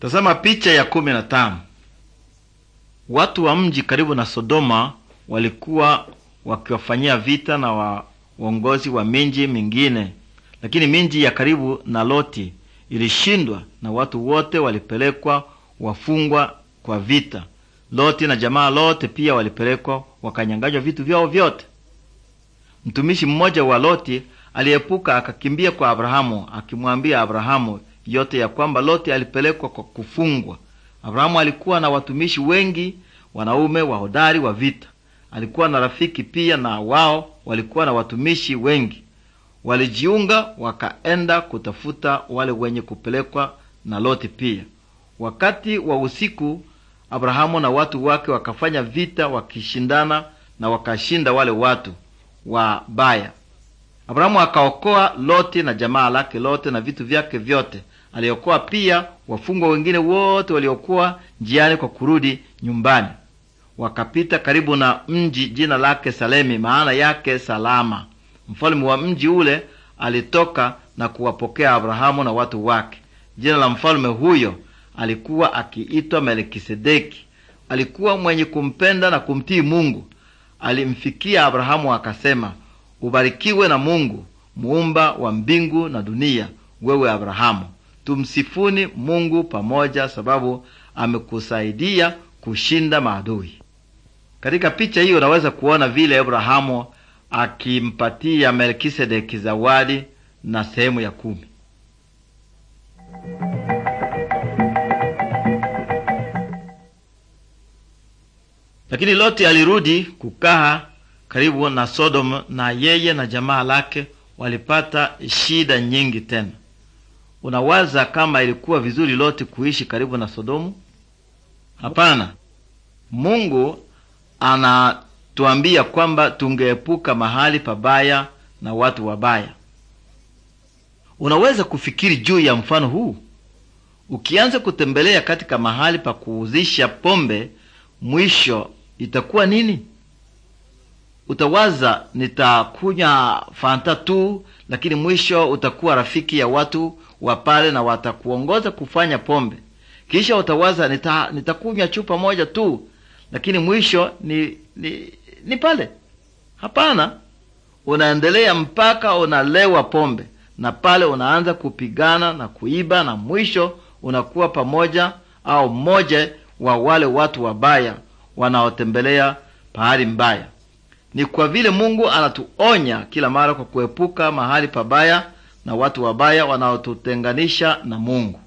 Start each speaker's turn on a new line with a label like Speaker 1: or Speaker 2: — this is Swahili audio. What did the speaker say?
Speaker 1: Tazama picha ya kumi na tano. Watu wa mji karibu na Sodoma walikuwa wakiwafanyia vita na wa uongozi wa minji mingine, lakini minji ya karibu na Loti ilishindwa na watu wote walipelekwa wafungwa kwa vita. Loti na jamaa lote pia walipelekwa wakanyanganywa vitu vyao vyote. Mtumishi mmoja wa Loti aliepuka akakimbia kwa Abrahamu akimwambia Abrahamu, yote ya kwamba Loti alipelekwa kwa kufungwa. Abrahamu alikuwa na watumishi wengi wanaume wahodari wa vita. Alikuwa na rafiki pia, na wao walikuwa na watumishi wengi. Walijiunga wakaenda kutafuta wale wenye kupelekwa na Loti pia. Wakati wa usiku, Abrahamu na watu wake wakafanya vita wakishindana, na wakashinda wale watu wabaya. Abrahamu akaokoa Loti na jamaa lake lote na vitu vyake vyote. Aliokoa pia wafungwa wengine wote waliokuwa njiani kwa kurudi nyumbani. Wakapita karibu na mji jina lake Salemi, maana yake salama. Mfalme wa mji ule alitoka na kuwapokea Abrahamu na watu wake. Jina la mfalme huyo alikuwa akiitwa Melkisedeki. Alikuwa mwenye kumpenda na kumtii Mungu. Alimfikia Abrahamu akasema Ubarikiwe na Mungu muumba wa mbingu na dunia, wewe Abrahamu. Tumsifuni Mungu pamoja, sababu amekusaidia kushinda maadui. Katika picha hiyo unaweza kuona vile Abrahamu akimpatia Melkisedeki zawadi na sehemu ya kumi. Lakini Loti alirudi kukaa karibu na Sodomu, na yeye na jamaa lake walipata shida nyingi. Tena unawaza kama ilikuwa vizuri Loti kuishi karibu na Sodomu? Hapana. Mungu anatuambia kwamba tungeepuka mahali pabaya na watu wabaya. Unaweza kufikiri juu ya mfano huu. Ukianza kutembelea katika mahali pa kuuzisha pombe, mwisho itakuwa nini? Utawaza nitakunywa fanta tu, lakini mwisho utakuwa rafiki ya watu wa pale na watakuongoza kufanya pombe. Kisha utawaza nita, nitakunywa chupa moja tu, lakini mwisho ni ni, ni pale. Hapana, unaendelea mpaka unalewa pombe, na pale unaanza kupigana na kuiba, na mwisho unakuwa pamoja au mmoja wa wale watu wabaya wanaotembelea pahali mbaya. Ni kwa vile Mungu anatuonya kila mara kwa kuepuka mahali pabaya na watu wabaya wanaotutenganisha na Mungu.